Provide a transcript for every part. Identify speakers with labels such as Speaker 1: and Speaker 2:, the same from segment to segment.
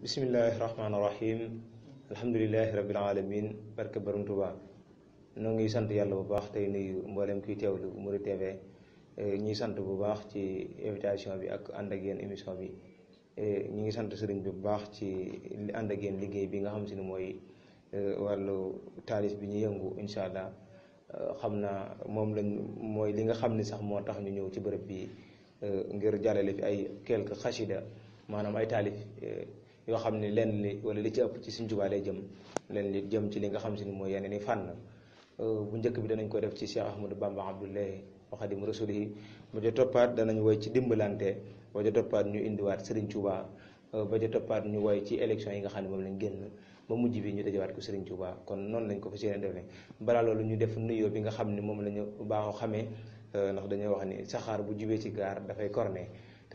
Speaker 1: bisimillahi rahmaanirahim alhamdulilahi rabil alamin barke borom Tuuba noo ngi sant yàlla bu baax tey nuyu mboolem kiy teewlu Mouride TV ñuy sant bu baax ci invitation bi ak ànd ak yéen émission bi ñu ngi sant sëriñ bi bu baax ci ànd ak yéen liggéey bi nga xam si ne mooy wàllu taalif bi ñu yëngu incha allah xam naa moom lañ mooy li nga xam ni sax moo tax ñu ñëw ci bërëb bi ngir jàllale fi ay quelque xasida maanaam ay taalif yo xamni len li wala li ci ëpp ci suñ jubaale jëm len li jëm ci li nga xam ni mooy yeneen i euh, bu ñëk bi dañ ko def ci Cheikh Ahmadou Bamba Abdoulahi wa Xadim Rasulihi ba ja toppaat danañ way ci dimbalanté wa jé toppaat ñu waat Serigne Touba euh, ba jé toppaat ñu way ci élection yi nga xamni ne moom lañ génn ba mujj bi ñu dajawaat ko Serigne Touba kon non lañ ko fas yéene defee bala loolu ñu def nuyo bi nga xamni ne moom la ñu baaxoo xamee euh, ndax dañoo wax ni saxaar bu jubee ci da fay corner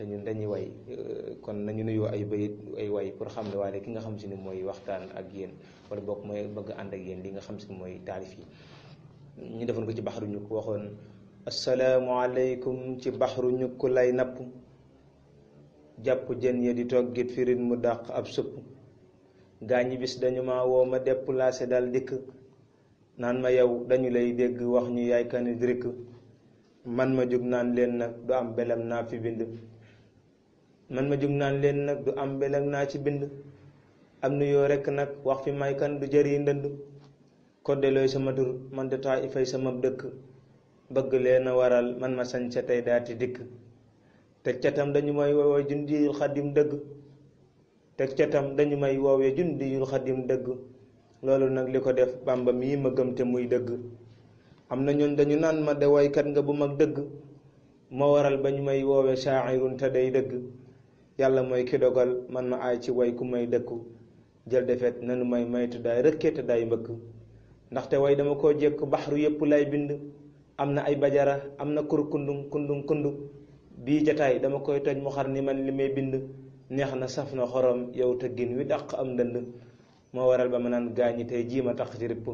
Speaker 1: ñun dañuy way euh, kon nañu nuyu ay bayit ay way pour xam ne waale ki nga xam si ni mooy waxtaan ak yéen wala bokk mooy bëgg ànd ak yéen li nga xam si mooy taalif yi ñu defoon ko ci baxru ñu ko waxoon asalaamualeykum ci baxru ñu ko lay napp jàpp jën ya di toggit firin mu dàq ab sëpp gaañi bis dañu maa woo ma déplacé dal dikk naan ma yow dañu lay dégg wax ñu yaay kan man ma jug naan leen nag du am belam naa fi bind man ma jug naan leen nag du am be nag naa ci bind am nu yoo rekk nag wax fi may kan du jëri ndënd kodde looy sama tur man de taa i sama dëkk bëgg leen a waral man ma sañ ca tey daati dikk te ca dañu may woowee jundiyul xadim dëgg teg ca tam dañu may woowee jundiyul xadim dëgg loolu nag li ko def bàmba mii ma gëm te muy dëgg am na ñun dañu naan ma de woykat nga bu mag dëgg ma waral ba ñu may woowee shaa'irun te day dëgg yàlla mooy ki dogal man ma aay ci way ku may dëkku jël defet nanu may maytu daay rëkkee te daay mbëkk ndaxte way dama koo jékk baxru yépp lay bind am na ay bajara am na kur kundung kundung kundu bii jataay dama koy toj mu xar ni man li may bind neex na saf na xorom yow tëggin wi dàq am ndënd moo waral ba ma naan gaañi tey jiima tax ci ripp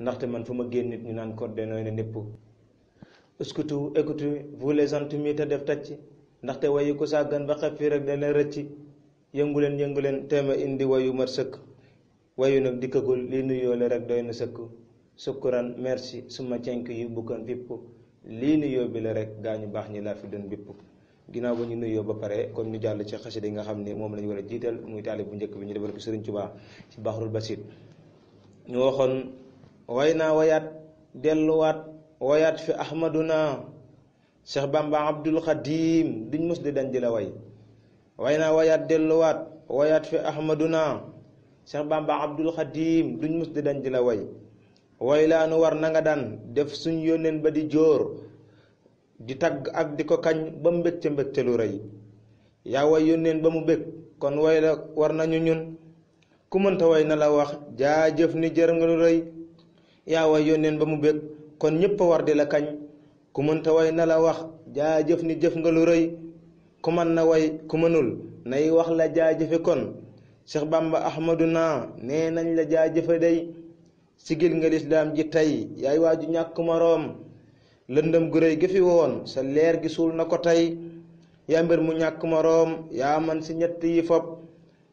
Speaker 1: ndaxte man fu ma génn nit ñu naan ko de nooy ne népp uskutu écoute vous les antumites def tacc ndaxte wayu ku sàggan ba xeb rek dana rëcc yëngu leen tema leen indi wayu mar sëkk wayu nag dikkagul li nuyoo la rek doyna sëkk sukuran merci suma cenk yu bukkan bipp li nuyoo bi la rek gaañu baax ñi laa fi doon bipp ginaaw ba ñu nuyoo ba pare kon ñu jàll ci xasida yi nga xam ne moom muy bu njëkk bi ñu defal ko Sëriñ ci Baxrul Basit ñu waxoon way naa wayaat delluwaat wayaat fi ahmaduna Cheikh Bamba Abdul Xadim duñ mos di dañ di la way way naa wayaat delluwaat wayaat fi ahmaduna Cheikh Bamba Abdul Xadim duñ mos di dañ di la way way laa nu war na nga daan def suñ yónneen ba di jóor di tagg ak di ko kañ ba mbégte mbégte lu rëy yaa ba mu kon way la war nañu ñun ku mënta way na la wax jaajëf ni jër nga lu rëy yaa way yónneen ba mu bég kon ñëpp a war di la kañ ku tawai way na la wax jaajëf ni jëf nga lu rëy ku mën na way ku mënul nay wax la jaajëfe kon cheikh bamba ahmadu na nee nañ la jaajëfe day sigil nga lislaam ji tey yaay waaju ñàkk moroom lëndëm gu rëy gëfi woon sa leer gi suul na ko tey yaa mbir mu ñàkk moroom yaa man si ñett yi fop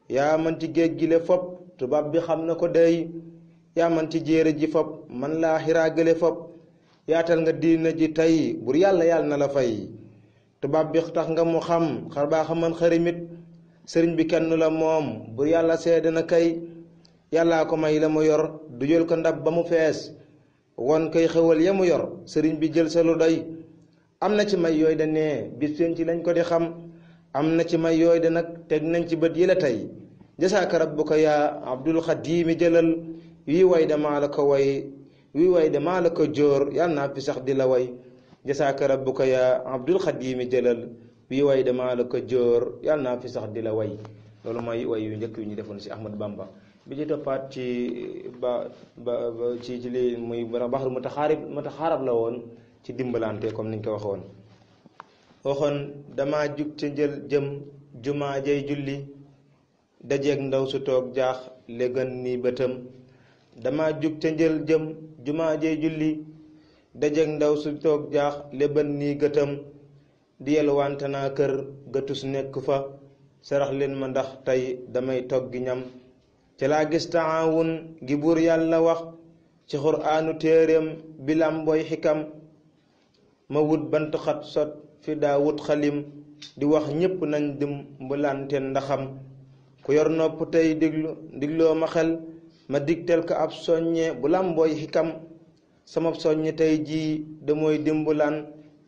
Speaker 1: yaa man ci géej gi le fop tubaab bi xam na day yaa man ci jéere ji fop man laa xiraagale fop yaatal nga na ji tey bur yàlla yàlla na la fay tubaab bi tax nga mu xam xar baa xaman xarimit sëriñ bi kenn la moom bur yàlla seede na kay yàllaa ko may la mu yor du jël ko ndab ba mu fees won koy xewal ya mu yor sëriñ bi jël sa lu doy am na ci may yooy da nee bis seen ci lañ ko di xam am na ci may yooyu da nag teg nañ ci bët yi la tey jasaaka rabbuka yaa abdul xadiimi jëlal wii way damaa la ko way wi way damaa la ko jóor yàlla naa fi sax di la way jasaaka rabbuka ya abdul xadimi jëlal wi way damaa la ko jóor yàlla naa fi sax di la way loolu mooy way yu njëkk yu ñu defoon si Ahmad Bamba bi ci toppaat ci ba ba ci ci li muy baxru mutaxaarib mutaxaarab la woon ci dimbalante comme niñ ko waxoon dama jug ci jël jëm jumaa jay julli dajeeg ndaw su toog jaax léggan ni bëtam dama jug ca njël jëm jumaa jee julli dajeg ndaw su toog jaax leban nii gëtam di yelwante naa kër gëtus nekk fa sarax leen ma ndax tey damay toggi ñam ca laa gis taawun gi buur yàlla wax ci xuraanu téeréem bilam booy xikam ma wut bant xat sot fi daa wut xalim di wax ñépp nañ dim bu ndaxam ku yor nopp tey diglu digloo ma xel ma digteel ko ab soññe bu làmbooy xikam sama soññe tey jii damooy dimbulaan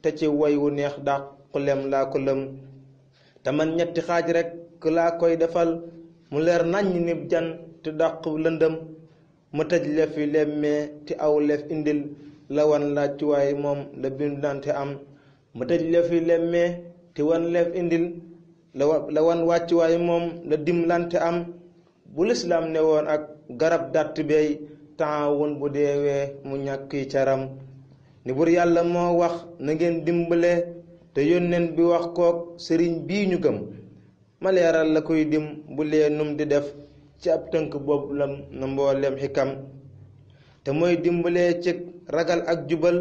Speaker 1: te ci woy wu neex dàq ku laa ko lëm te man ñetti xaaj rek laa koy defal mu leer naññ nib jan te dàq lëndëm ma tëj lef yi te aw lef indil la wan laaj moom la bindante am ma tëj lef yi wan lef moom la dimlante am bu lislaam ne woon ak garab dàtt beey taawun bu deewee mu ñàkki caram ni bur yàlla moo wax na ngeen dimbale te yónneen bi wax kook sëriñ bi ñu gëm ma leeral la koy dim bu lee di def ci ab tënk boobu la na mboolem xikam te mooy dimbale ci ragal ak jubal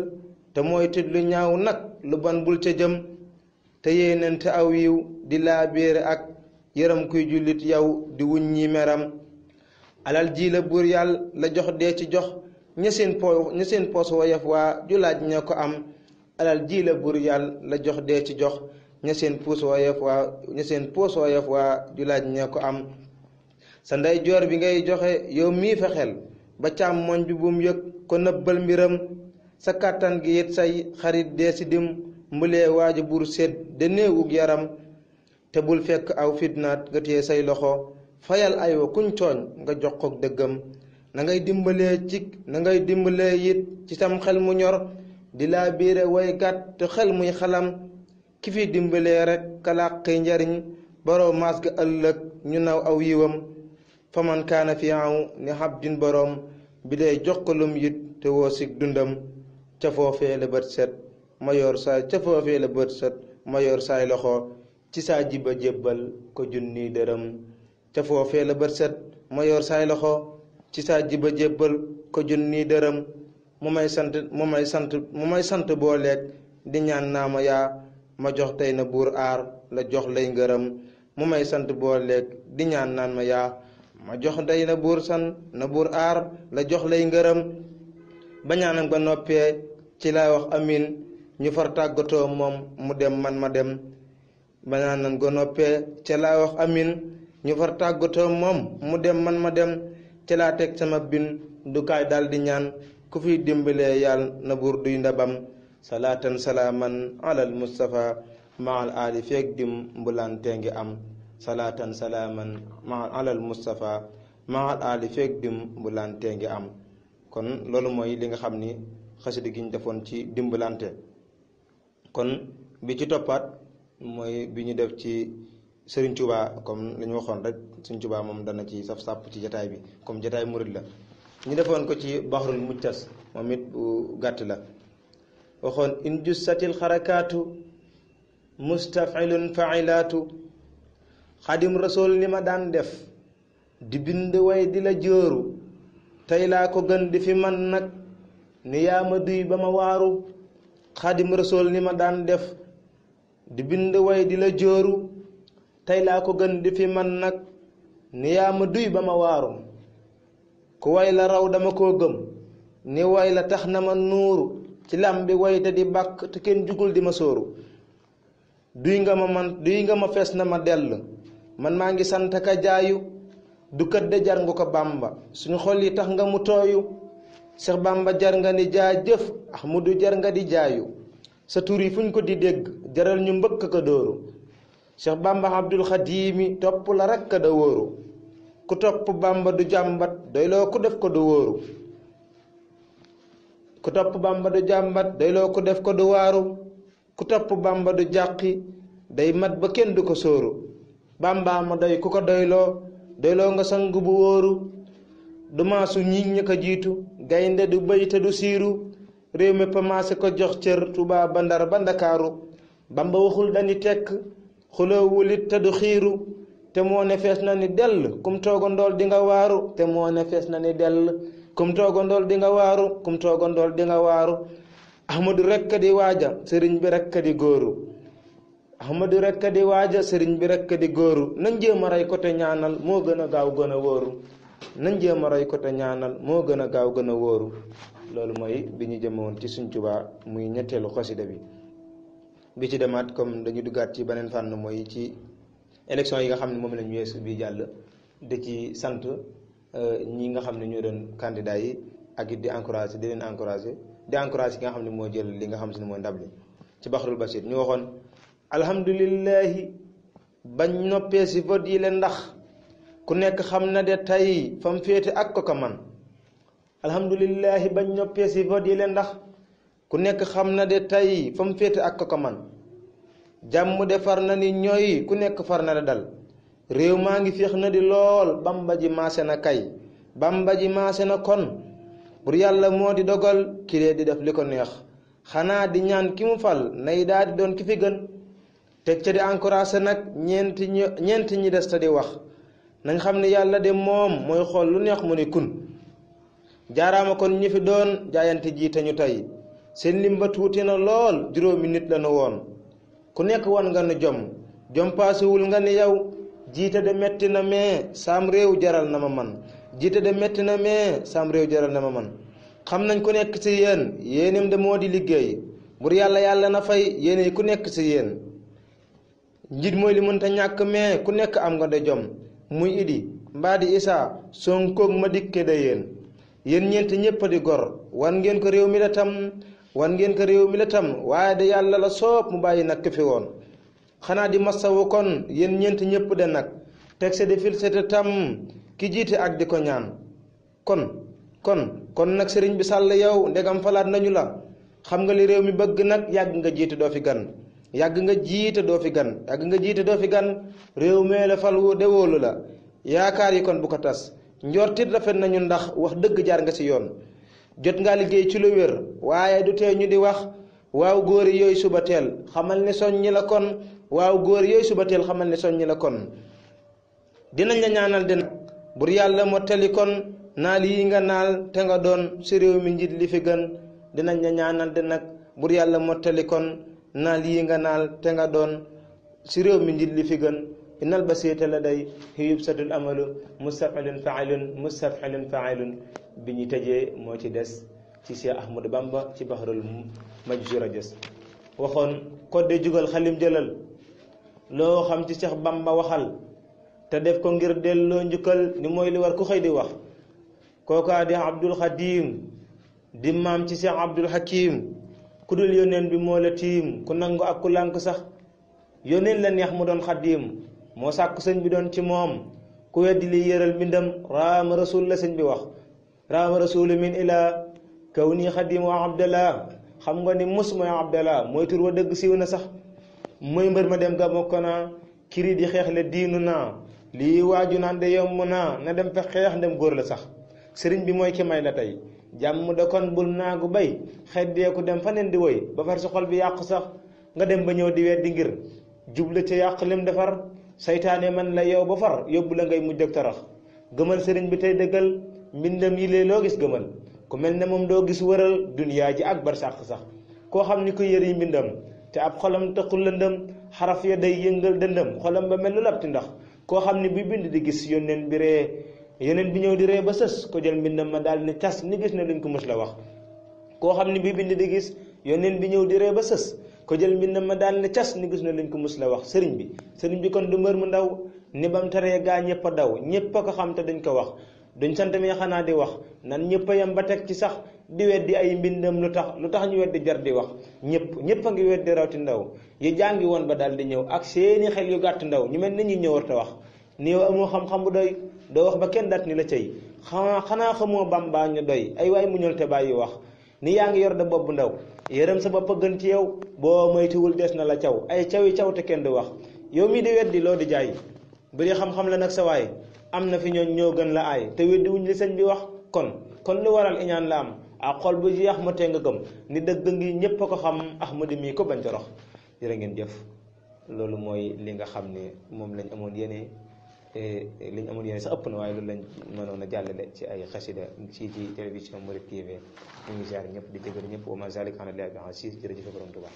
Speaker 1: te mooy tëj lu ñaaw nag lu ban bul ca jëm te yéenante aw yiw di laabiire ak yëram kuy jullit yow di wuññi meram alal ji la buur yàlla la jox dee ci jox ña seen po ña seen poos woyof waa ju laaj ña ko am alal ji la buur yàlla la jox dee ci jox ña seen poos woyof waa seen poos woyof waa ju laaj ña ko am sa ndey bi ngay joxe yow mii fexeel ba càmmoñ bi bu mu yëg ko nëbbal mbiram sa kàttan gi it say xarit dee si dim mbulee waaja buur seet de yaram te bul fekk aw fitnaat nga téye say loxo fayal ay wa kuñ nga jox ko dëggam na dimbale dimbalee ci na it ci tam xel mu ñor di laa biire way gàtt xel muy xalam ki fi dimbale rekk kalaqi njariñ boroom maas ëllëg ñu naw aw yiwam faman kaana fi aw ni xabdin bi dee jox ko lum it te woo sig dundam ca foofee la bët set mayoor saay loxo ci saa jiba jébbal ko junni dërëm ca foofee la bët set ma yor saay loxo ci saa ji ba jébbal ko nii dërëm mu may sant mu may sant mu may sant boo leeg di ñaan naa ma ma jox tey na buur la jox lay ngërëm mu may sant boo leeg di ñaan naan ma yaa ma jox day na buur san na buur aar la jox lay ngërëm ba ñaanam ba noppee ci laay wax amin ñu far tàggatoo moom mu dem man ma dem ba ñaanam ba noppee ci laay wax amin ñu far tàggatoo moom mu dem man ma dem ci sama bin dukaay daal di ñaan ku fiy dimbalee yàlla na buur duy ndabam salaatan salaaman alal mustafa maal aali feeg dim ngi am salaatan salaaman maal alal mustafa maal aali feeg am kon loolu mooy li nga xam ni xasida gi ñu defoon ci dimbalante kon bi ci toppaat mooy bi ñu def ci Serigne Touba comme la ñu waxoon rek Serigne Touba moom dana ci saf sàpp ci jataay bi comme jataay murit la ñu defoon ko ci baxrul mujtas moom it gàtt la waxoon in jussatil xarakaatu mustafilun failaatu xadim rasool ma daan def di bind way di la jooru tey laa ko gën di man nag ni ma ba ma waaru xadim rasool li ma daan def di bind way di la jooru tay laa ko gën di fi man nag ni yaa ma duy ba ma waaru ku way la raw dama koo gëm ni way la tax na ma nuuru ci lam bi way te di bàkk te kenn jugul di ma sóoru duy nga ma man duy nga ma fees na ma dell man maa ngi sant ka jaayu du kët de jar nga ko bàmba suñu xol yi tax nga mu tooyu bàmba jar nga ni jaa jëf du jar nga di jaayu sa tur yi fuñ ko di dégg jaral ñu mbëkk ka dóoru cheikh bamba abdul khadimi topp la rek ka da wóoru ku topp bamba du jàmbat doyloo ku def ko du wóoru ku topp bamba du jàmbat doyloo ku def ko du waaru ku topp bamba du jàqi day mat ba kenn du ko sóoru bamba ma doy ku ko doyloo doyloo nga sang bu wóoru du maasu ñiñ ña ka jiitu gaynde du bay te du siiru réew mi pamaase ko jox cër tuubaa ba ndar ba ndakaaru bamba waxul dani tekk xulóowul it te du xiiru te moo ne fees na ni dell kum toogandool di nga waaru te moo ne na ni dell kum toogandool di nga waaru kum di nga waaru ahmadu rekk di waaja sëriñ bi rekk di góoru ahmadu rekk di waaja sëriñ bi rekk di góoru nañ jéem a rey ko te ñaanal moo gën a gaaw gën a wóoru nañ jéem a rey ko te ñaanal moo gën a gaaw gën a wóoru loolu mooy bi ñu jëmewoon ci Sëriñ Tuubaa muy ñetteelu xasida bi bi ci demaat comme dañu duggaat ci beneen fànn mooy ci élection yi nga xam ne moom la ñu bi bii jàll de ci sant euh, ñi nga xam ne ñoo doon candidat yi ak di encouragé di leen encouragé di encouragé ki nga xam ne moo jël li nga xam si ne mooy ndab li ci Baxrul Bachir ñu waxoon alhamdulillahi bañ noppee si vote yi leen ndax ku nekk xam na de tey fa mu féete ak ko ka man alhamdulillahi bañ noppee si vote yi leen ndax ku nekk xam na de tey fa mu féete ak ko man jàmm de far na ni ñooy ku nekk far na de dal réew maa ngi féex na di lool bamba ji maase na kay bamba ji maase na kon bur yàlla moo di dogal kilee di def li ko neex xanaa di ñaan ki mu fal nay daa di doon ki fi gën teg ca di encouragé nag ñeenti ñi des te di wax nañ xam ne yàlla de moom mooy xool lu neex mu ni kun jaaraama kon ñi fi doon jaayante jiite ñu tey seen lim ba tuuti na lool juróomi nit la nu woon ku nekk wan nga nu jom jom paasewul nga ne yow jiite de metti na mais saam réew jaral na ma man jiite de metti na mais saam jaral na ma man xam nañ ku nekk ci yéen yéenim de moo di liggéey bur yàlla yàlla na fay yéene ku nekk ci yéen njiit mooy li mënta ñàkk mais ku nekk am nga de jom muy idi mbaa di isaa sonkoog ma dikke de yéen yéen ñeent ñépp di gor wan ngeen ko réew mi da tam wan ngeen ko réew mi la tam waaye de yàlla la soob mu bàyyi nag ku fi woon xanaa di masawu kon yéen ñeent ñëpp de nag teg se de filsete tam ki jiite ak di ko ñaan kon kon kon nag sëriñ bi sàll yow ndegam falaat nañu la xam nga li réew mi bëgg nag yàgg nga jiite doo fi gan yàgg nga jiite doo fi gan yàgg nga jiite doo fi gan réew mee la fal de wóolu la yaakaar yi kon bu ko tas njortit rafet nañu ndax wax dëgg jaar nga ci yoon jot nga liggéey ci lu wér waaye du tee ñu di wax waaw góor yooyu suba teel xamal ne soññi la kon waaw góor yooyu suba teel xamal ne soññi la kon dinañ la ñaanal dina bur yàlla mottali naal yi nga naal te nga doon si réew mi njiit li fi gën dinañ la ñaanal de nag bu yàlla mottali naal yi nga naal te nga doon si réew mi njiit li fi gën إن البسيط لدي هي يبسط الأمل مستفعل فعل مستفعل فعل بني تجي موتي دس تسيا أحمد بامبا تي بحر المجزورة جس وخون قد دي جوغل خليم جلال لو خم تي بامبا وخل تدف كو ديل ديلو نجوكل نمو يلي وار كو دي وخ كوكا دي عبد الخديم di maam ci cheikh abdul hakim ku dul yoneen bi moo يونين لن يحمدون خديم moo sàkku sëñ bi doon ci moom ku weddi li yëral mbindam raama rasul la sëñ bi wax raama rasulu min ilaa kaw nii xadimu abdallah xam nga ni mus mooy abdallah mooy tur wa dëgg siiw na sax mooy mbër ma dem ga mokk naa kiri di xeex la diinu naa lii waaju naan de yomb naa na dem fa xeex ndem góor la sax sëriñ bi mooy ki may la tey jàmm da kon bul naagu bay xeddeeku dem fa neen di woy ba far si xol bi yàqu sax nga dem ba ñëw di weddi ngir jubla ca yàq lim saytaane man la yow ba far yóbbu la ngay mujj ak tarax gëmal sëriñ bi tey dëggal mbindam yi lee loo gis gëmal ku mel ne moom doo gis wëral duniyaa ji ak bar sàq sax koo xam ni ko yëri mbindam te ab xolam tëqul lëndëm xaraf ya day yëngal dëndëm xolam ba mel lu lapti ndax koo xam ni buy bind di gis yónneen bi ree yeneen bi ñëw di ree ba sës ko jël mbindam ma daal ni tas ni gis ne luñ ko mës la wax koo xam ni buy bind di gis yónneen bi ñëw di ree ko jël mbind ma daal ne cas ni gis na luñ ko mus la wax sëriñ bi sëriñ bi kon du mbër mu ndaw ni bam taree gaa ñëpp a daw ñëpp a ko xam te dañ ko wax duñ sant mi xanaa di wax nan ñëpp a ba teg ci sax di weddi ay mbindam lu tax lu tax ñu weddi jar di wax ñëpp ñëpp a ngi weddi ti ndaw yi jàngi woon ba daal di ñëw ak seeni xel yu gàtt ndaw ñu mel ni ñuy ñëwar te wax ni yow amoo xam-xam bu doy doo wax ba kenn daat ni la cay xanaa xanaa xamoo baa ñu doy ay waay mu ñëw bàyyi wax ni yaa ngi yor da bopp ndaw yërëm sa bopp gën ci yow boo moytiwul des na la caw ay cawi caw te kenn du wax yow mii di weddi loo di jaay bu dee xam-xam la nag sa waay am na fi ñooñ ñoo gën la ay te weddi wuñ li sëñ bi wax kon kon lu waral iñaan la am ak xol bu jeex ma tee nga gëm ni dëgg ngi ñépp a ko xam ahmadi mii ko bañ torox jërë ngeen jëf loolu mooy li nga xam ne moom lañ amoon yéene te eh, liñ amul yéene sax ëpp na waaye loolu lañ mënoon a jàllale ci ay xasida ci ci télévision Mouride TV ñu ngi ziar ñëpp di jégal ñëpp wa ma zalik ala llahi bi aziz jërëjëf borom Tuubaa